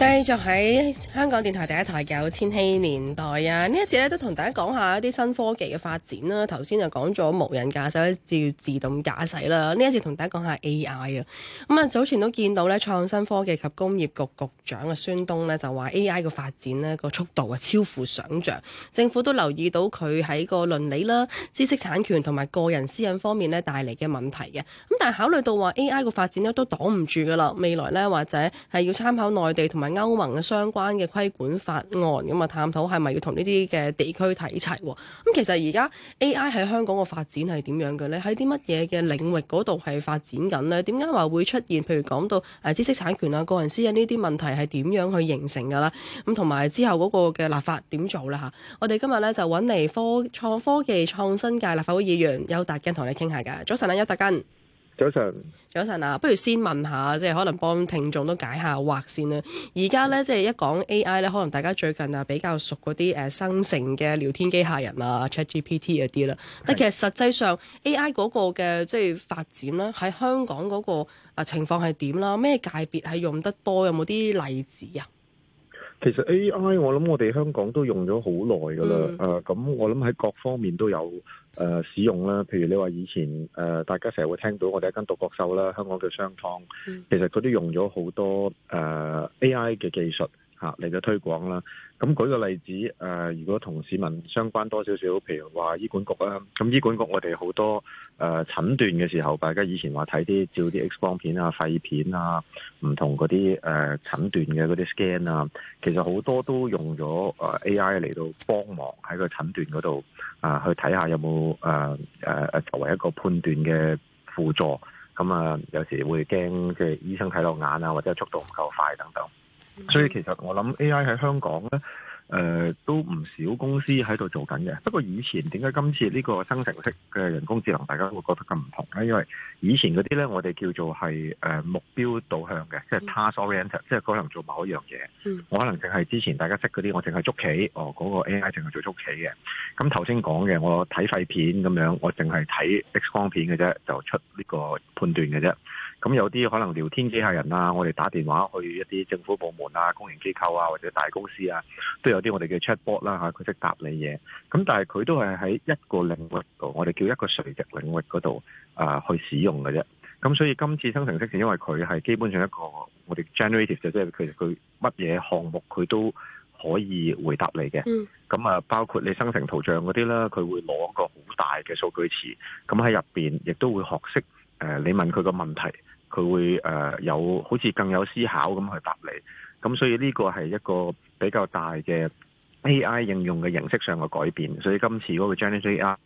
繼續喺香港電台第一台嘅千禧年代啊！這呢一次咧都同大家講一下啲一新科技嘅發展啦、啊。頭先就講咗無人駕駛，叫自動駕駛啦。呢一次同大家講下 A.I. 啊，咁、嗯、啊早前都見到咧，創新科技及工業局局長嘅孫東咧就話 A.I. 嘅發展呢個速度啊超乎想象，政府都留意到佢喺個倫理啦、知識產權同埋個人私隱方面呢帶嚟嘅問題嘅、啊。咁但係考慮到話 A.I. 嘅發展呢都擋唔住噶啦，未來呢，或者係要參考內地同埋。歐盟嘅相關嘅規管法案咁啊，探討係咪要同呢啲嘅地區睇齊？咁其實而家 AI 喺香港嘅發展係點樣嘅咧？喺啲乜嘢嘅領域嗰度係發展緊呢？點解話會出現？譬如講到誒知識產權啊、個人私隱呢啲問題係點樣去形成㗎啦？咁同埋之後嗰個嘅立法點做啦？嚇，我哋今日咧就揾嚟科創科技創新界立法會議員邱達根同你傾下㗎。早晨啊，邱達根。早晨，早晨啊，不如先問下，即係可能幫聽眾都解下惑先啦。而家咧，即係一講 AI 咧，可能大家最近啊比較熟嗰啲誒生成嘅聊天機械人啊，ChatGPT 嗰啲啦。但其實實際上 AI 嗰個嘅即係發展啦，喺香港嗰個啊情況係點啦？咩界別係用得多？有冇啲例子啊？其實 AI 我諗我哋香港都用咗好耐噶啦，誒、嗯、咁、呃、我諗喺各方面都有誒、呃、使用啦。譬如你話以前誒、呃，大家成日會聽到我哋一間獨角獸啦，香港叫商湯，其實佢都用咗好多誒、呃、AI 嘅技術。嚇嚟到推廣啦，咁舉個例子，誒、呃，如果同市民相關多少少，譬如話醫管局啦，咁醫管局我哋好多誒診斷嘅時候，大家以前話睇啲照啲 X 光片啊、肺片啊、唔同嗰啲誒診斷嘅嗰啲 scan 啊，其實好多都用咗、呃、AI 嚟到幫忙喺個診斷嗰度啊，去睇下有冇誒、呃呃、作為一個判斷嘅輔助，咁啊、呃，有時會驚即係醫生睇落眼啊，或者速度唔夠快等等。Mm -hmm. 所以其實我諗 A.I. 喺香港咧，誒、呃、都唔少公司喺度做緊嘅。不過以前點解今次呢個生成式嘅人工智能大家會覺得咁唔同咧？因為以前嗰啲咧，我哋叫做係誒目標導向嘅，就是 mm -hmm. 即係 task-oriented，即係可能做某一樣嘢。我可能淨係之前大家識嗰啲，我淨係捉棋。哦，嗰、那個 A.I. 淨係做捉棋嘅。咁頭先講嘅，我睇肺片咁樣，我淨係睇 X 光片嘅啫，就出呢個判斷嘅啫。咁有啲可能聊天機械人啊，我哋打電話去一啲政府部門啊、公營機構啊或者大公司啊，都有啲我哋嘅 chatbot 啦、吓、佢識答你嘢。咁但係佢都係喺一個領域度，我哋叫一個垂直領域嗰度啊去使用嘅啫。咁所以今次生成式，因為佢係基本上一個我哋 generative 就即係佢，佢乜嘢項目佢都可以回答你嘅。咁、嗯、啊，包括你生成圖像嗰啲啦，佢會攞個好大嘅數據池，咁喺入面亦都會學識誒你問佢個問題。佢會誒有好似更有思考咁去答你，咁所以呢個係一個比較大嘅 AI 應用嘅形式上嘅改變，所以今次嗰個 Generative AI。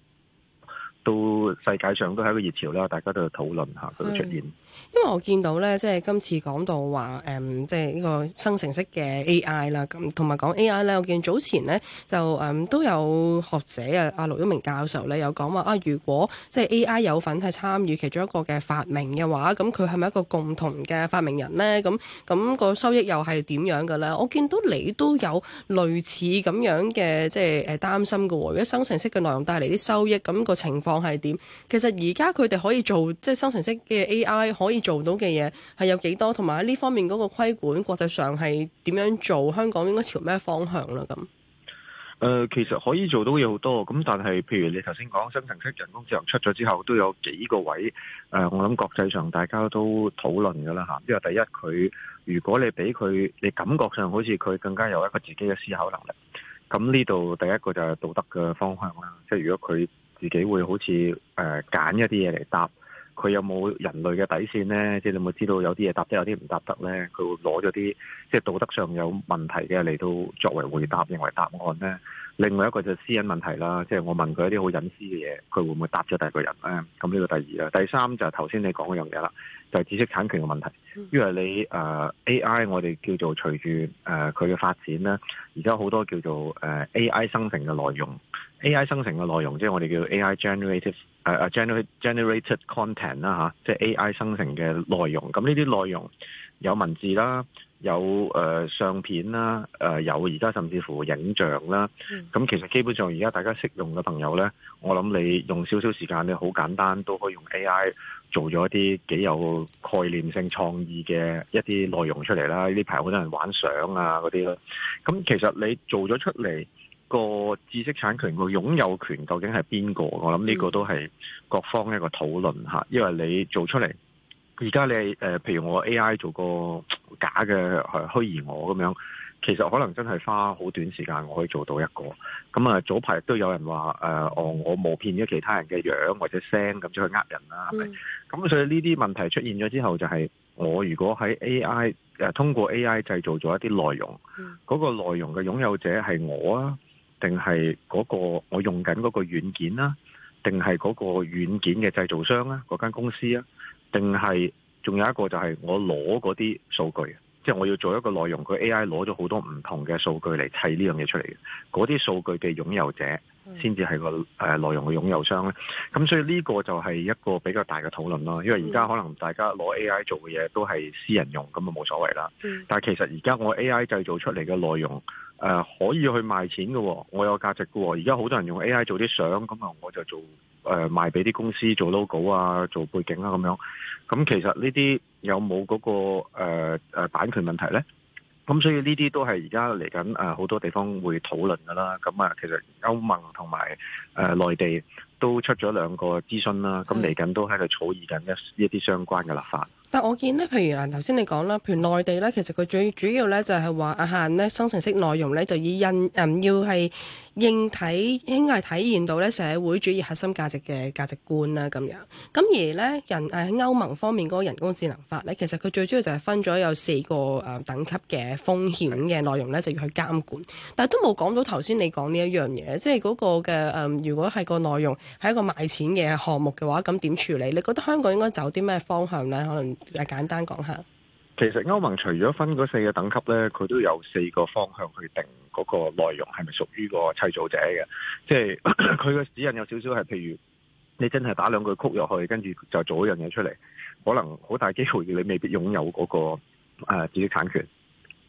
都世界上都係一個熱潮啦，大家都討論下佢出現，因為我見到咧，即係今次講到話誒即係呢個生成式嘅 AI 啦，咁同埋講 AI 咧，我見早前咧就誒、嗯、都有學者啊，阿盧一明教授咧有講話啊，如果即係 AI 有份係參與其中一個嘅發明嘅話，咁佢係咪一個共同嘅發明人咧？咁咁、咁個收益又係點樣嘅咧？我見到你都有類似咁樣嘅即係誒擔心嘅。如果生成式嘅內容帶嚟啲收益，咁、咁個情況。係點？其實而家佢哋可以做即係生成式嘅 AI 可以做到嘅嘢係有幾多？同埋呢方面嗰個規管國際上係點樣做？香港應該朝咩方向啦？咁、呃、誒，其實可以做到嘢好多咁，但係譬如你頭先講生成式人工智能出咗之後，都有幾個位誒、呃，我諗國際上大家都討論噶啦吓。因為第一，佢如果你俾佢，你感覺上好似佢更加有一個自己嘅思考能力。咁呢度第一個就係道德嘅方向啦，即係如果佢。自己會好似誒揀一啲嘢嚟答，佢有冇人類嘅底線呢？即係你有冇知道有啲嘢答得，有啲唔答得呢？佢會攞咗啲即係道德上有問題嘅嚟到作為回答，認為答案呢。另外一個就係私隱問題啦，即係我問佢一啲好隱私嘅嘢，佢會唔會答咗第二個人咧？咁呢個第二啦，第三就係頭先你講嗰樣嘢啦，就係知識產權嘅問題。因為你誒 AI，我哋叫做隨住誒佢嘅發展啦，而家好多叫做誒 AI 生成嘅內容，AI 生成嘅內容，即係我哋叫做 AI generated 誒誒 generated content 啦嚇，即係 AI 生成嘅內容。咁呢啲內容有文字啦。有誒、呃、相片啦，誒、呃、有而家甚至乎影像啦，咁、嗯、其實基本上而家大家識用嘅朋友咧，我諗你用少少時間你好簡單都可以用 A.I. 做咗一啲幾有概念性創意嘅一啲內容出嚟啦。呢排好多人玩相啊嗰啲咯，咁其實你做咗出嚟，個知識產權，個擁有權究竟係邊個？我諗呢個都係各方一個討論吓、嗯，因為你做出嚟。而家你誒、呃，譬如我 A.I. 做個假嘅虛擬我咁樣，其實可能真係花好短時間我可以做到一個。咁、嗯、啊，早排都有人話、呃、我我冒騙咗其他人嘅樣或者聲咁出去呃人啦，係咪？咁、嗯、所以呢啲問題出現咗之後，就係我如果喺 A.I.、啊、通過 A.I. 製造咗一啲內容，嗰、嗯嗰個內容嘅擁有者係我啊，定係嗰個我用緊嗰個軟件啊？定係嗰個軟件嘅製造商啊，嗰間公司啊？定係仲有一個就係我攞嗰啲數據，即係我要做一個內容，佢 A I 攞咗好多唔同嘅數據嚟砌呢樣嘢出嚟嘅，嗰啲數據嘅擁有者先至係個誒、mm. 呃、內容嘅擁有商咧。咁所以呢個就係一個比較大嘅討論咯，因為而家可能大家攞 A I 做嘅嘢都係私人用，咁啊冇所謂啦。Mm. 但係其實而家我 A I 製造出嚟嘅內容誒、呃、可以去賣錢嘅、哦，我有價值嘅喎、哦。而家好多人用 A I 做啲相，咁啊我就做。誒、呃、賣俾啲公司做 logo 啊，做背景啊咁樣，咁其實呢啲有冇嗰、嗰個、呃、版權問題呢？咁所以呢啲都係而家嚟緊好多地方會討論噶啦。咁啊，其實歐盟同埋、呃、內地都出咗兩個諮詢啦。咁嚟緊都喺度草擬緊一一啲相關嘅立法。但我見咧，譬如嗱頭先你講啦，譬如內地咧，其實佢最主要咧就係話限咧生成式內容咧，就以印、呃、要係應體應該係體現到咧社會主義核心價值嘅價值觀啦咁樣。咁而咧人喺、呃、歐盟方面嗰個人工智能法咧，其實佢最主要就係分咗有四個、呃、等級嘅風險嘅內容咧，就要去監管。但係都冇講到頭先你講呢一樣嘢，即係嗰、個嘅、呃、如果係個內容係一個賣錢嘅項目嘅話，咁點處理？你覺得香港應該走啲咩方向咧？可能？又簡單講下，其實歐盟除咗分嗰四個等級呢，佢都有四個方向去定嗰個內容係咪屬於嗰個砌造者嘅。即係佢嘅指引有少少係，譬如你真係打兩句曲入去，跟住就做一樣嘢出嚟，可能好大機會你未必擁有嗰、嗰個誒、呃、知識產權。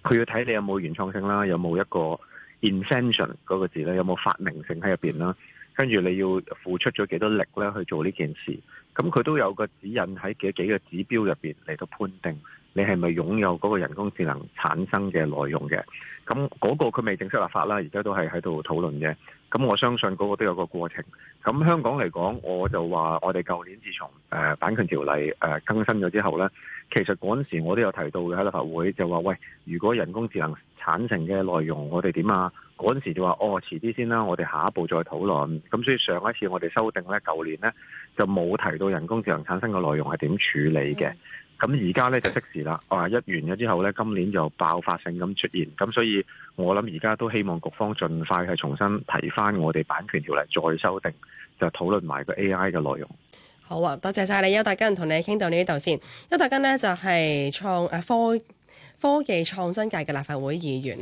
佢要睇你有冇原創性啦，有冇一個 invention 嗰個字呢？有冇發明性喺入邊啦。跟住你要付出咗幾多力咧去做呢件事，咁佢都有個指引喺幾幾個指標入面嚟到判定。你係咪擁有嗰個人工智能產生嘅內容嘅？咁嗰個佢未正式立法啦，而家都係喺度討論嘅。咁我相信嗰個都有個過程。咁香港嚟講，我就話我哋舊年自從、呃、版權條例、呃、更新咗之後呢，其實嗰陣時我都有提到嘅喺立法會就說，就話喂，如果人工智能產生嘅內容我們怎樣，我哋點啊？嗰陣時就話哦，遲啲先啦，我哋下一步再討論。咁所以上一次我哋修訂呢，舊年呢就冇提到人工智能產生嘅內容係點處理嘅。咁而家咧就即時啦，啊一完咗之後咧，今年就爆發性咁出現，咁所以我諗而家都希望局方盡快去重新提翻我哋版權條例再修訂，就討論埋個 AI 嘅內容。好啊，多謝晒你，邱達根同你傾到呢度先。邱達根咧就係創誒科科技創新界嘅立法會議員。